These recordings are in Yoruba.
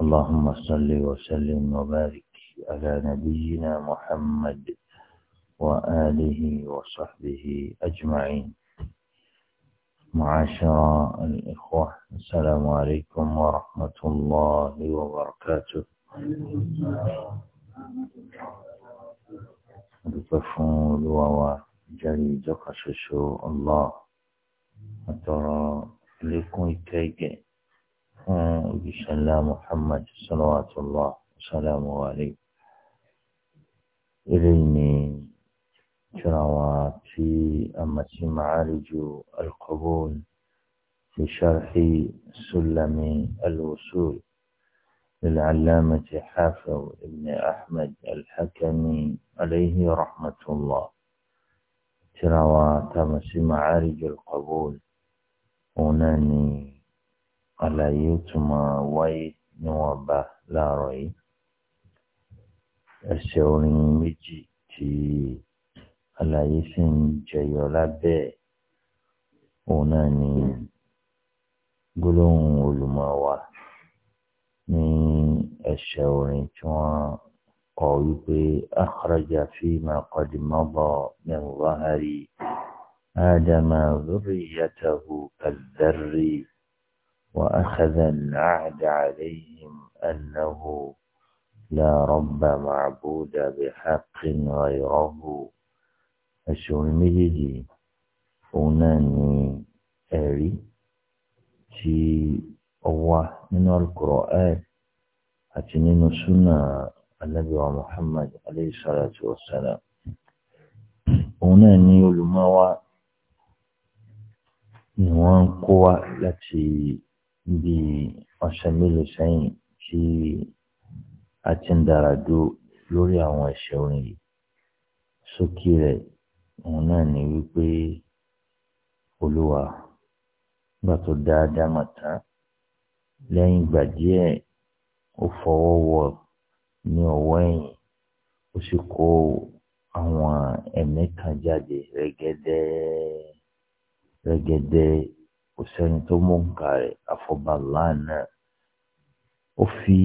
اللهم صل وسلم وبارك على نبينا محمد وآله وصحبه أجمعين معاشر الإخوة السلام عليكم ورحمة الله وبركاته الطفول وجري دقشش الله أترى لكم كيكي وجيش الله محمد صلوات الله وسلامه عليه إليني في أمة معالج القبول في شرح سلم الوصول للعلامة حافظ ابن أحمد الحكمي عليه رحمة الله تروى تمس معالج القبول هناني àlàyé ó tún máa wáyé níwọ̀nba láàárọ̀ yìí. ẹsẹ̀ orin méjì tí àlàyé sì ń jẹyọ lábẹ́ òun náà ni gbólóhùn olùmọ̀ wa ní ẹsẹ̀ orin tí wọ́n kọ wípé akhraja fi ma qad mada min zahari adama zurriyatahu kadhari. وأخذ العهد عليهم أنه لا رب معبود بحق غيره ẹ̀ṣùn méjèèjì òun náà ni ẹ̀rí tí ó wà nínú Al-Qur'an àti nínú súnà Ànábì wa Muhammad alayhi salatu wa salam òun náà ni olùmọ́wá ni wọ́n ń kó wa láti níbi ọ̀sẹ̀ mélòó sẹ́yìn tí a ti ń dára dúró lórí àwọn ẹ̀ṣẹ̀ orin yìí sókè rẹ̀ òun náà ni wípé olúwa nígbà tó dá Ádámà tán lẹ́yìn ìgbà díẹ̀ ó fọwọ́ wọ̀ ní ọwọ́ ẹ̀yìn ó sì kó àwọn ẹ̀mí kan jáde rẹ́gẹ́dẹ́ rẹ́gẹ́dẹ́. kò sẹ́ni tó a nǹkan rẹ̀ àfọ̀bàlá na o fi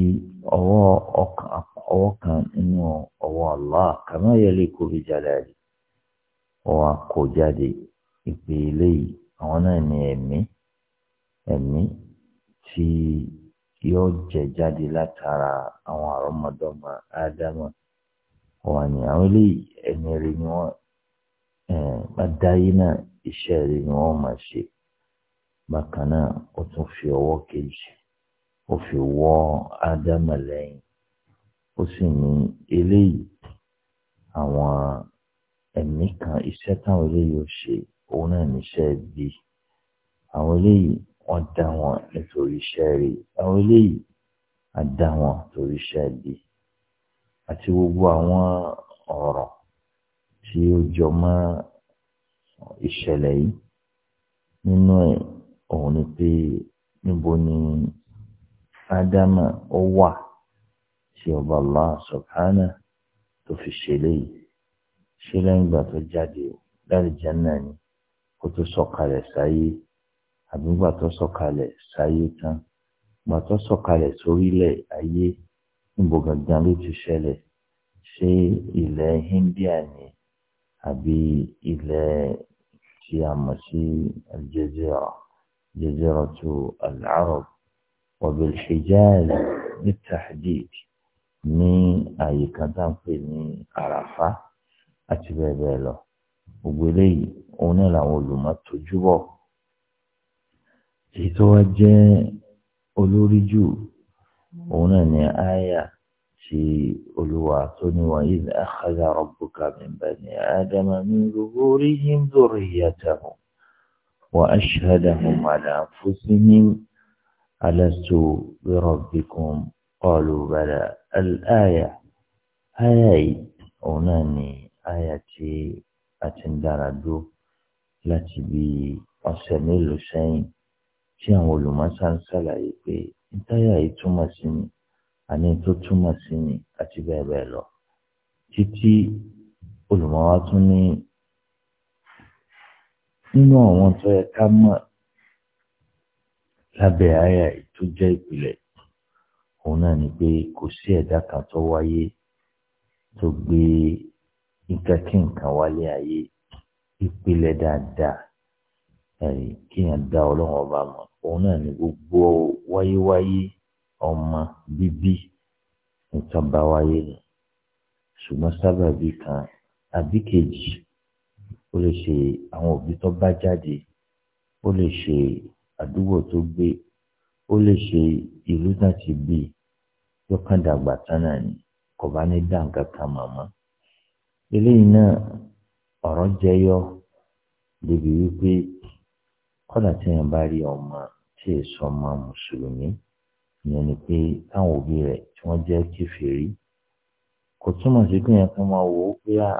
ọwọ́ kan nínú ọwọ́ Allah kàmá yẹlé kó fi jáde àdì ọwọ́ kó jáde ìpè eléyìí àwọn náà emi emi ẹ̀mí tí yóò latara jáde látara adama àrọ́mọdọ́mọ ni àwọn ni wọ́n bá dáyé náà iṣẹ́ bákan náà ó tún fi ọwọ́ kejì ó fi wọ́ ádámà lẹ́yìn ó sì ní eléyìí àwọn ẹ̀mí kan iṣẹ́ táwọn eléyìí ò ṣe òun náà níṣẹ́ bí àwọn eléyìí wọ́n dá wọn nítorí iṣẹ́ rí àwọn eléyìí á dá wọn torí iṣẹ́ bí àti gbogbo àwọn ọ̀rọ̀ tí ó jọ mọ́ ìṣẹ̀lẹ̀ yìí nínú ẹ̀. òun ni pé níbo ni ádámà ó wà tí ọba Allah subhana tó fi ṣe léyìí ṣé lẹ́yìn ìgbà tó jáde láti Jánnà ni kó tó sọkalẹ sáyé àbí ìgbà tó sọ̀kalẹ̀ sáyé tán ìgbà tó sọ̀kalẹ̀ sórílẹ̀ ayé níbo gangan ló ti ṣẹlẹ̀ ṣé ilẹ̀ India ni àbí ilẹ̀ tí a mọ̀ sí Algeria. جزيرة العرب وبالحجاز بالتحديد ní àyè kan tá à ń pè ní àràfá àti bẹ́ẹ̀ bẹ́ẹ̀ lọ gbogbo eléyìí òun náà làwọn olùmọ̀ tójú bọ̀ èyí tó wá jẹ́ olórí jù òun náà ní àyà ti olúwa tó ní wa idh akhadha rabbuka min bani adama min zuhurihim dhurriyyatahum. وأشهدهم على أنفسهم ألست بربكم قالوا بلى الآية آية أوناني آية أتندردو láti bí ọ̀sẹ̀ mélòó sẹ́yìn tí àwọn olùmọ̀ọ́sá ń ṣàlàyé pé ìtayà yìí túmọ̀ sí ni àní tó túmọ̀ sí ni àti bẹ́ẹ̀ bẹ́ẹ̀ lọ títí olùmọ̀ọ́wá tún ní nínú àwọn tó yẹ ká mọ̀ lábẹ́ àyà yìí tó jẹ́ ìpìlẹ̀ òun náà ni pé kò sí ẹ̀dá kan tó wáyé tó gbé nǹkan kí nǹkan wálé ayé ìpìlẹ̀ dáadáa ẹ̀rí kíyàn dá ọlọ́run ọba mọ̀ òun náà ni gbogbo wáyéwáyé ọmọ bíbí nǹkan bá wáyé nù ṣùgbọ́n sábàbí kan àbí kejì ó lè ṣe àwọn òbí tó bá jáde ó lè ṣe àdúgbò tó gbé ó lè ṣe ìlú náà ti bí yóò kàn dàgbà tán náà ni kò bá ní dá nǹkan kan màmá eléyìí náà ọ̀rọ̀ jẹyọ débi wípé kọ́dà tí yẹn bá rí ọmọ tí èso ọmọ mùsùlùmí ìyẹn ni pé táwọn òbí rẹ̀ tí wọ́n jẹ́ kèfèrí kò túmọ̀ sí pé yẹn kan máa wò ó pé ah,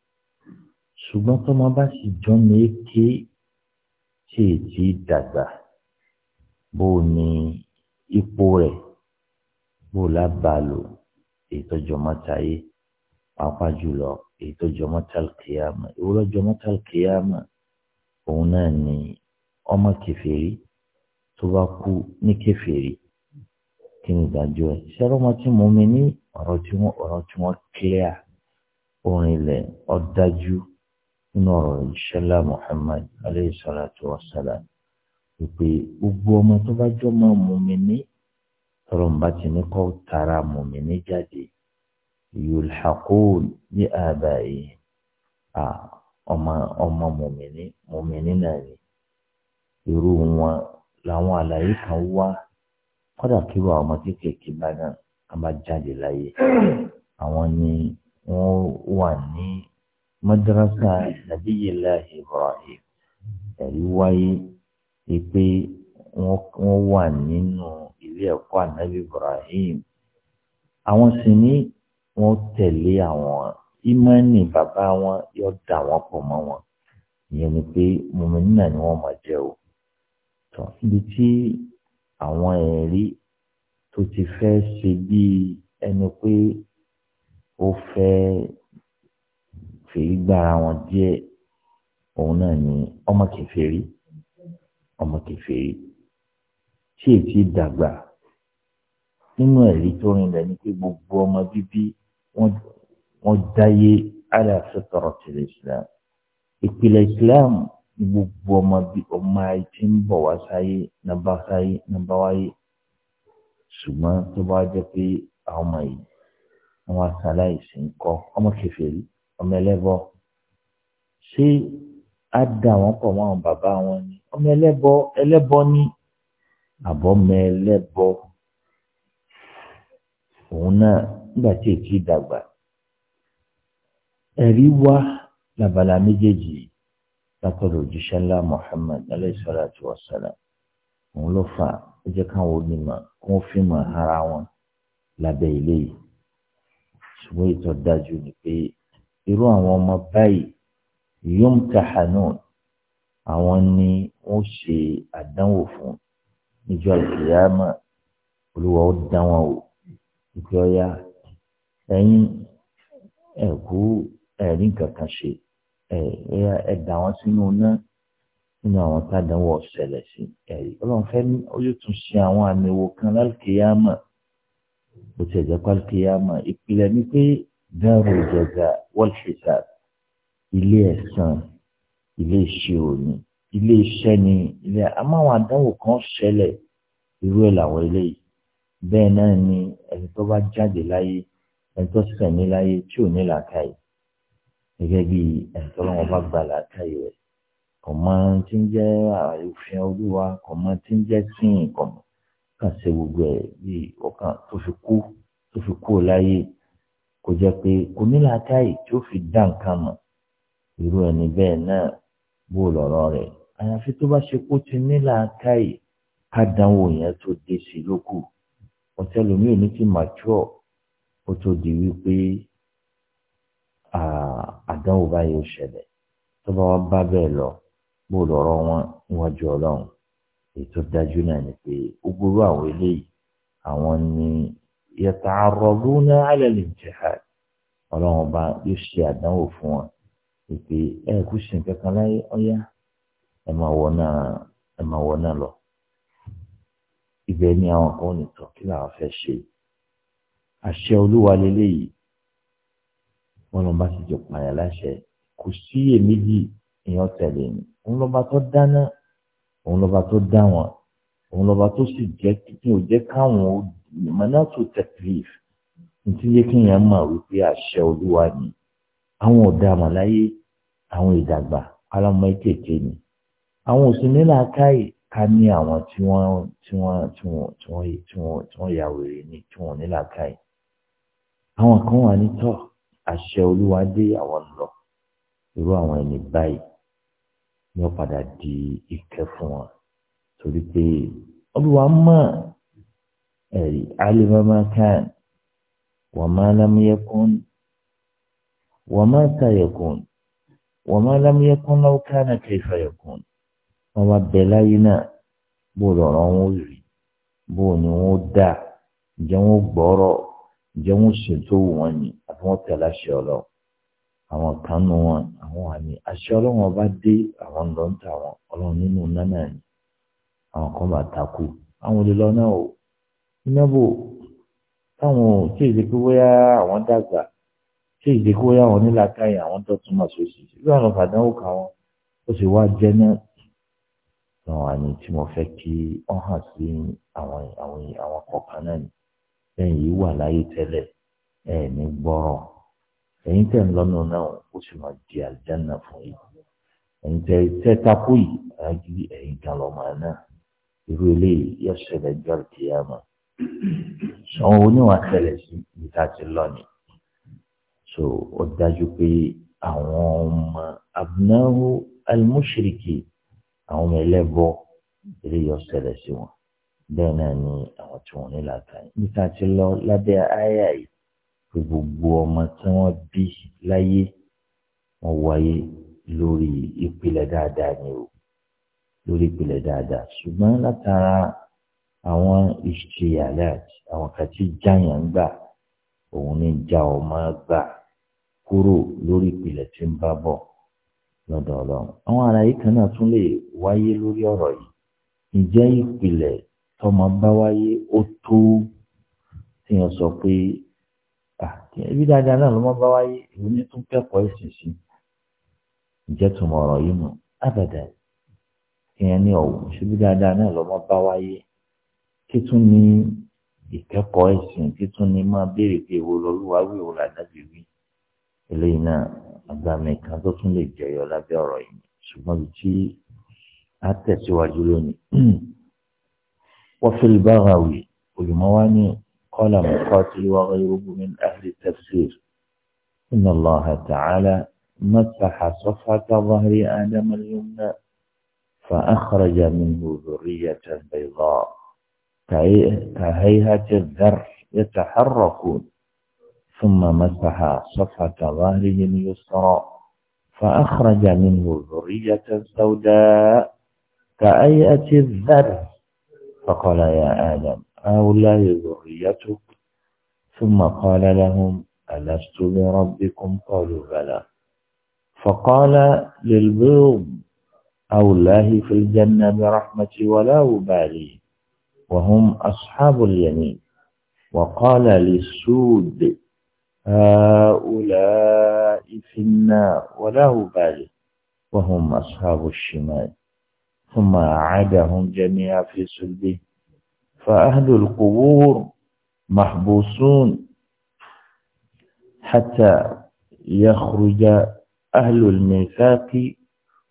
ṣùgbọ́n tọ́mọ bá sì jọ́ mi ké tí ètí dàgbà bó ní ipò rẹ̀ bó lábàlò ìtọ́jọ́ mọ́tayé pàápàá jùlọ ìtọ́jọ́ mọ́tàlkìyàmà ìwúlọ́jọ́ mọ́tàlkìyàmà òun náà ni ọmọ kẹfẹ́rí tó bá kú ní kẹfẹ́rí kí ni ìdájọ́ ẹ̀ sẹ́rọ́ ọmọ tí mo mi ní ọ̀rọ̀ tí wọ́n ọ̀rọ̀ tí wọ́n clear orin ilẹ̀ ọ̀dájú nínú ọ̀rọ̀ ìṣẹ́lá Muhammad aleyhi salatu wa salam ìpè gbogbo ọmọ tó bá jọ máa mùmíní tọrọ ń bá ti ní kọ́ tara mùmíní jáde yulhaqun ní àbá yìí à ọmọ ọmọ mùmíní mùmíní náà ni irú wọn làwọn àlàyé kan wá kódà kí wọn ọmọ kéékèèké bá náà a máa jáde láyé àwọn ni wọn wà ní madrasa nabiyilahi ibrahim ẹ̀rí wáyé pé wọ́n wà nínú ilé ẹ̀kọ́ anabi ibrahim àwọn sì ní wọ́n tẹ̀lé àwọn ìmánì bàbá wọn yóò dà wọ́n pọ̀ mọ́ wọn ìyẹn ni pé mùmínì ni wọ́n máa jẹ́ o tọ́ ibi tí àwọn ẹ̀rí tó ti fẹ́ ṣe bíi ẹni pé ó fẹ́ kèfèrí gbára wọn díẹ̀ òun náà ni ọmọ kèfèrí ọmọ kèfèrí tí èsì dàgbà nínú ẹ̀rí tó rinlẹ̀ ni pé gbogbo ọmọ bíbí wọ́n dáyé aláṣetọ̀rọ̀ tẹ̀lé islam ìpìlẹ̀ islam gbogbo ọmọ bíi ọmọ ayé tí ń bọ̀ wá sáyé nàbá sáyé nàbá wáyé ṣùgbọ́n tó bá jẹ́ pé àwọn ọmọ yìí wọ́n wá sáláìsì ń kọ́ ọmọ kèfèrí ọmọ ẹlẹ́bọ ṣé á dà wọ́n pọ̀ mọ́ àwọn bàbá wọn ni ọmọ ẹlẹ́bọ ẹlẹ́bọ ni àbọ̀mọ ẹlẹ́bọ òun náà nígbà tí èkì dàgbà ẹ̀rí wá labala méjèèjì látọ̀dọ̀ òjíṣẹ́ ńlá Muhammad alayhi salatu wa salam òun ló fà ó jẹ́ káwọn onímọ̀ kó fi mọ̀ ara wọn lábẹ́ ilé yìí ṣùgbọ́n ìtọ́ dájú ni pé irú àwọn ọmọ báyìí yom tahanon àwọn ni wọ́n ṣe àdánwò fún níjọ́ àlùkìyàmà olúwa ó dán wọn wò ìpè ọyá ẹ̀yin ẹkú ẹrí nǹkan kan ṣe ẹyà ẹdà wọn sínú náà nínú àwọn tádánwò ọ̀sẹ̀lẹ̀ sí ẹ̀rí ọlọ́run fẹ́ ní ó yóò tún ṣe àwọn àmì wo kan lálùkìyàmà bó ti ẹ̀jẹ̀ pálùkìyàmà ìpìlẹ̀ ni pé dáàrò ìjẹgà wọlfìsà ilé ẹ̀san ilé ìṣirò ni ilé iṣẹ́ ni ilé amáwọn àdánwò kan ṣẹlẹ̀ irú ẹ̀ làwọn eléyìí bẹ́ẹ̀ náà ni ẹni tó bá jáde láyé ẹni tó sẹ̀mí láyé tí ò ní làákàyè gẹ́gẹ́ bí ẹni tó lọ́wọ́ bá gba làákàyè rẹ̀ kò mọ tí ń jẹ́ òfin olúwa kò mọ tí ń jẹ́ sìn kò mọ kàn ṣe gbogbo ẹ̀ bí ọkàn tó fi kú tó fi kú láyé kò jẹ́ pé kò ní làákàyè tí ó fi dá nǹkan mọ̀ irú ẹni bẹ́ẹ̀ náà bó lọ̀rọ̀ rẹ̀ àyàfi tó bá ṣe kó ti ní làákàyè kádánwò yẹn tó dé sí lókù ọ̀tẹ́lómìí ní ti mature ó tó di wípé àdánwò báyìí ó ṣẹlẹ̀ tó bá wá bá bẹ́ẹ̀ lọ bó lọ̀rọ̀ wọn níwájú ọlọ́run èyí dájú náà ni pé ó gbúrú àwọn eléyìí àwọn ni yata'arraduna على al-imtihan ọlọ́run ọba yóò ṣe àdánwò fún wọn ìpè ẹ kú sí kankan láyé ọ̀yá ẹ máa wọ náà ẹ máa wọ náà lọ. ibẹ̀ ni àwọn kan nìkan kí làwọn fẹ́ ṣe àṣẹ olúwa lélẹ́yìí wọn lọ bá ti jọ pààyàn láṣẹ kò síyèméjì èèyàn tẹ̀lé ni òun lọ́ba tó dáná òun lọ́ba tó dá wọn òun lọ́ba tó sì jẹ́ kí n ò jẹ́ káwọn ó mọ́nàtò tẹ̀klif ntí yẹ kí yẹn mọ̀ wípé àṣẹ olúwa ni àwọn ọ̀daràn láyé àwọn ìdàgbà alámọ̀ ètèké ni àwọn òsínlẹ̀ làákàyè ká ní àwọn tí wọ́n tí wọ́n tí wọ́n tí wọ́n tí wọ́n tí wọ́n ya wèrè ni tí wọ́n ní làákàyè àwọn kan wà ní tọ́ àṣẹ olúwa dé àwọn lọ irú àwọn ẹni báyìí ni wọ́n padà di ìkẹ́ fún wọn torí pé olúwa mọ̀ ẹ̀rí alima ma kan wa ma lam yakun wa ma sayakun wa ma lam yakun law kana kayfa yakun wọ́n bá bẹ̀ láyé náà bó lọ́rọ̀ wọn rí bó ni wọ́n dà ǹjẹ́ wọ́n gbọ́rọ̀ ǹjẹ́ wọ́n ṣètò wọn ni àti wọ́n tẹ̀lé aṣọ ọlọ́run àwọn kan nù wọn àwọn àmì aṣọ ọlọ́run ọba dé àwọn lọ́ńtà wọn ọlọ́run nínú nánà ni àwọn kan bá takú àwọn olè lọ náà o iná táwọn ò tí ì ṣe pé bóyá àwọn dàgbà tí ì ṣe pé bóyá àwọn nílàkàyè àwọn tó túmọ̀ sósì lọ́nà fàdánwò kan ó sì wá jẹ́ náà àwọn àní tí mo fẹ́ kí wọ́n hàn sí àwọn kọ̀ọ̀kan náà ni lẹ́yìn yìí wà láyé tẹ́lẹ̀ ẹ̀ ní gbọ́rọ̀ ẹ̀yin tẹ̀ ń lọ́nà náà ó sì máa di àlùjáná fún yìí ẹ̀yin tẹ̀ tẹ́ takú yìí àájú kan lọ́mọ náà irú eléyìí yóò sọ oníwà tẹ̀lẹ̀ sí ìta ti lọ ni so ó dájú pé àwọn ọmọ abúnáwó alimusiriki àwọn ọmọ ẹlẹ́bọ eré yọ ṣẹlẹ̀ sí wọn bẹ́ẹ̀ náà ni àwọn tí wọ́n ní làákàyè níta ti lọ lábẹ́ àyà yìí gbogbo ọmọ tí wọ́n bí láyé wọ́n wáyé lórí ìpìlẹ̀ dáadáa ni o lórí ìpìlẹ̀ dáadáa ṣùgbọ́n látara àwọn ìṣìyàlẹ́t àwọn awọn tí jáyàn ń gbà òun ní ìjà ọmọ gbà kúrò lórí ìpìlẹ̀ tí ń bá bọ̀ lọ́dọ̀ ọlọ́run. àwọn àlàyé kan náà tún lè wáyé lórí ọ̀rọ̀ yìí ìjẹ́ ìpìlẹ̀ tọmọ bá wáyé ó tó sọ pé ẹbí dáadáa náà ló má bá wáyé ìwé ní tún kẹ́kọ̀ọ́ ẹ̀sìn ìjẹ́ tùmọ̀ ọ̀rọ̀ yìí nù ábàdà ìyẹn ní kí tún ni ìkẹ́kọ̀ọ́ ẹ̀sìn kí tún ni máa béèrè pé èwo lọ́lúwa wí èwo làdábì wí eléyìí náà àgbàmì kan tó tún lè jẹyọ lábẹ́ ọ̀rọ̀ yìí ṣùgbọ́n bí tí a tẹ̀síwájú lónìí. وفي البغوي والمواني قال مقاتل وغيره من ahlì التفسير إن الله تعالى مسح صفحة ظهر آدم اليمنى فأخرج منه ذرية بيضاء كهيئة الذر يتحركون ثم مسح صفحة ظهره اليسرى فأخرج منه ذرية سوداء كأيئة الذر فقال يا آدم هؤلاء ذريتك ثم قال لهم ألست بربكم قالوا بلى فقال للبيض أولاه في الجنة برحمتي ولا أبالي وهم أصحاب اليمين وقال للسود هؤلاء في النار وله باله وهم أصحاب الشمال ثم أعادهم جميعا في سلبه فأهل القبور محبوسون حتى يخرج أهل الميثاق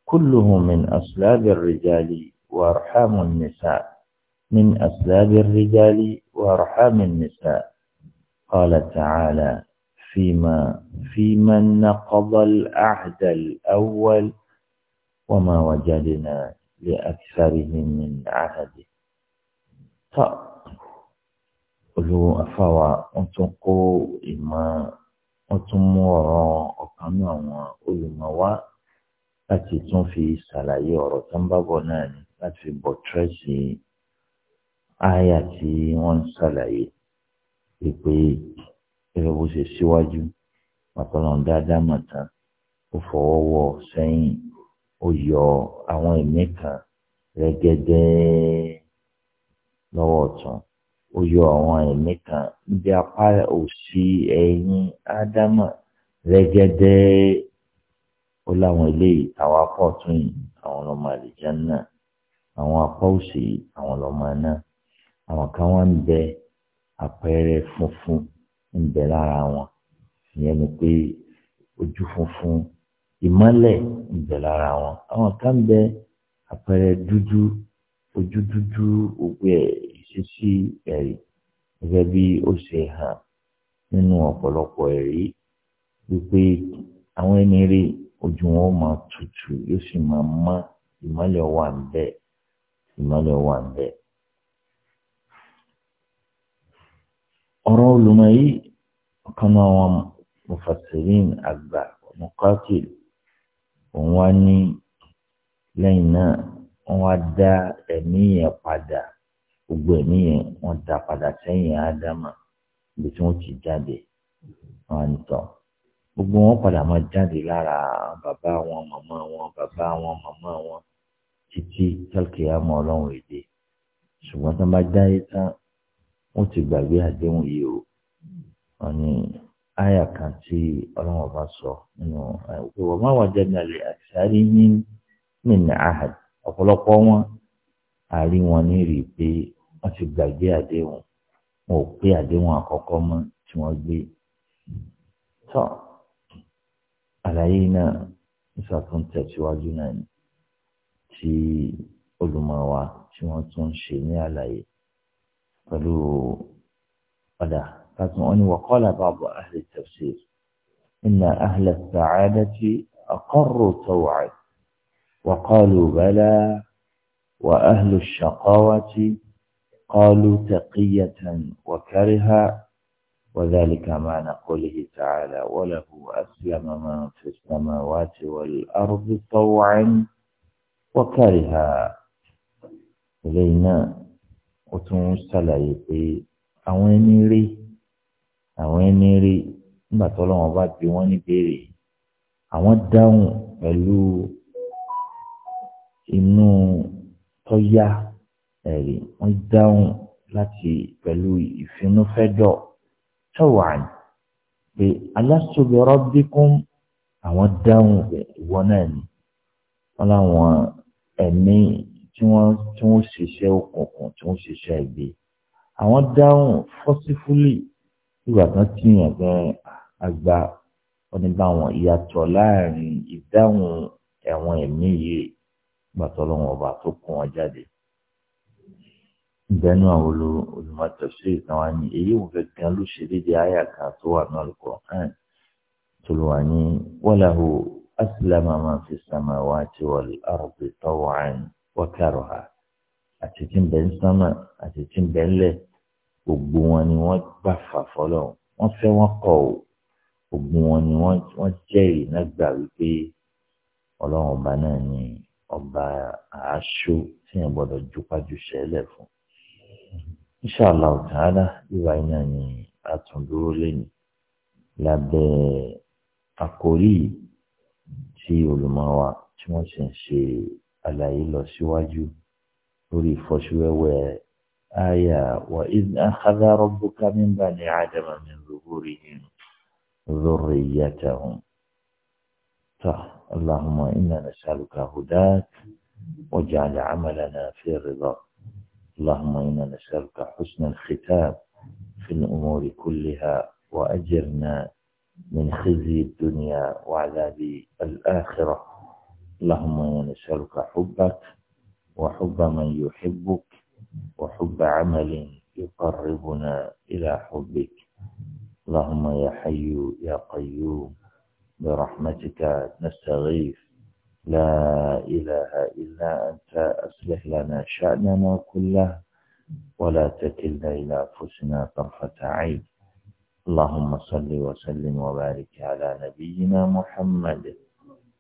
كلهم من أصلاب الرجال وأرحام النساء من أسلاب الرجال وأرحام النساء قال تعالى فيما فيمن نقض العهد الأول وما وجدنا لأكثرهم من عهد طب olú afáwa wọn tún kó ìmọ̀ wọn tún mú ọ̀rọ̀ ọ̀kan náà àwọn olùmọ̀ wá láti tún fi ṣàlàyé ọ̀rọ̀ tó ń bá bọ̀ náà ni láti bọ̀ tírẹsì àyà tí wọ́n ń ṣàlàyé pé gẹ́gẹ́ bó ṣe síwájú màtọ́nà dáadáa màtán ó fọwọ́ wọ sẹ́yìn ó yọ àwọn ẹ̀mí kan rẹ́gẹ́dẹ́ lọ́wọ́ ọ̀tún ó yọ àwọn ẹ̀mí kan níbi apá òsì ẹ̀yìn ádámà rẹ́gẹ́dẹ́ ó láwọn eléyìí àwọn apá ọ̀tún yìí àwọn ọmọ àlìjá náà àwọn apá òsì àwọn ọmọ náà àwọn kan wá ń bẹ àpẹẹrẹ funfun ń bẹ lára wọn ìyẹn ni pé ojú funfun ìmọ́lẹ̀ ń bẹ lára wọn àwọn kan bẹ àpẹẹrẹ dúdú ojú dúdú gbogbo ẹ̀ ìṣesí ẹ̀rí gẹ́gẹ́ bí ó ṣe hàn nínú ọ̀pọ̀lọpọ̀ ẹ̀rí wípé àwọn ẹni ojú wọn ó máa tutù yóò sì máa mọ́ ìmọ́lẹ̀ wà ń bẹ ìmọ́lẹ̀ wà ń bẹ. ọ̀rọ̀ olùmọ̀ yìí ọ̀kan náà wọn mufassirin àgbà Muqatil òun wá ní lẹ́yìn náà wọ́n wá dá ẹ̀mí yẹn padà gbogbo ẹ̀mí yẹn wọ́n dá padà sẹ́yìn ádámà ibi tí wọ́n ti jáde wọn ń tọ́ gbogbo wọn padà máa jáde lára bàbá wọn màmá wọn bàbá wọn màmá wọn títí tálkìyàmọ Ọlọ́run èdè ṣùgbọ́n tí wọ́n bá jáde tán wọ́n ti gbàgbé àdéhùn yìí o wọ́n ní àyà kan tí ọlọ́run ọba sọ nínú pé wọ́n máa wà jẹ́nàlẹ̀ àṣàrí ní mìíràn àhàd ọ̀pọ̀lọpọ̀ wọn àrí wọn ní rí i pé wọ́n ti gbàgbé àdéhùn wọn ò pé àdéhùn àkọ́kọ́ mọ́ tí wọ́n gbé tọ́ àlàyé náà ìṣàtún tẹ̀síwájú náà tí olùmọ̀ wa tí wọ́n tún ń ṣe ní àlàyé. pẹ̀lú ọ̀dà láti وقال بعض أهل التفسير إن أهل السعادة ahla as وقالوا بلى وأهل الشقاوة قالوا تقية وكرها وذلك ما نقوله تعالى وله أسلم من في السماوات والأرض طوعا وكرها إلينا ó tún ṣàlàyé pé àwọn ẹni rí àwọn ẹni rí nígbà tó lọ́wọ́ bá bi wọ́n ní béèrè àwọn dáhùn pẹ̀lú inú tọ́yá ẹ̀rí wọ́n dáhùn láti pẹ̀lú ìfinúfẹ́dọ̀ tọ́wàn pé alastu bi rabbikum àwọn dáhùn ìwọ náà ni wọ́n láwọn ẹ̀mí tí wọ́n tí wọ́n ṣiṣẹ́ òkùnkùn tí wọ́n ṣiṣẹ́ ìgbé àwọn dáhùn fọ́sífúlì ìgbà kan tìyàn gan àgbà oníbàwọn ìyàtọ̀ láàrin ìdáhùn ẹ̀wọ̀n ẹ̀mí yìí gbàtọ́lọ́wọ́n ọba tó kún wọn jáde ìbẹ́nu àwọn olùmọ̀tẹ̀sí ìtàn wa ni èyí ò fẹ́ gan ló ṣe déédéé àyà kan tó wà náà lọ́kọ̀ hàn tó lọ́wọ́ ni wọ́n làwọn aslama man fi samawati wal ardi taw'an wákàrọ̀ ha àti tí ń bẹ ń sánmà àti tí ń bẹ ń lẹ̀ gbogbo wọn ni wọ́n gbà fà fọlọ́ wọ́n fẹ́ wọ́n kọ̀ o gbogbo wọn ni wọ́n jẹ́rìí náà gbà wípé ọlọ́run ọba náà ni ọba àáṣó tí yẹn gbọ́dọ̀ jupájú fún. inṣàlá ọ̀tàlá ìwà iná ni àtúndúró lẹ́nu lábẹ́ àkórí tí olùmọ̀ wa tí wọ́n sì ń ṣe àlàyé lọ síwájú lórí ìfọ́síwẹ́wẹ́ àyà wà ìdí akhadha rabbuka min bani adama min zuhurihim ذريتهم اللهم إنا نسألك هداك واجعل عملنا في رضاك اللهم إنا نسألك حسن الختام في الأمور كلها وأجرنا من خزي الدنيا وعذاب الآخرة اللهم إنا نسألك حبك وحب من يحبك وحب عمل يقربنا إلى حبك اللهم يا حي يا قيوم برحمتك نستغيث لا إله إلا أنت أصلح لنا شأننا كله ولا تكلنا إلى أنفسنا طرفة عين اللهم صل وسلم وبارك على نبينا محمد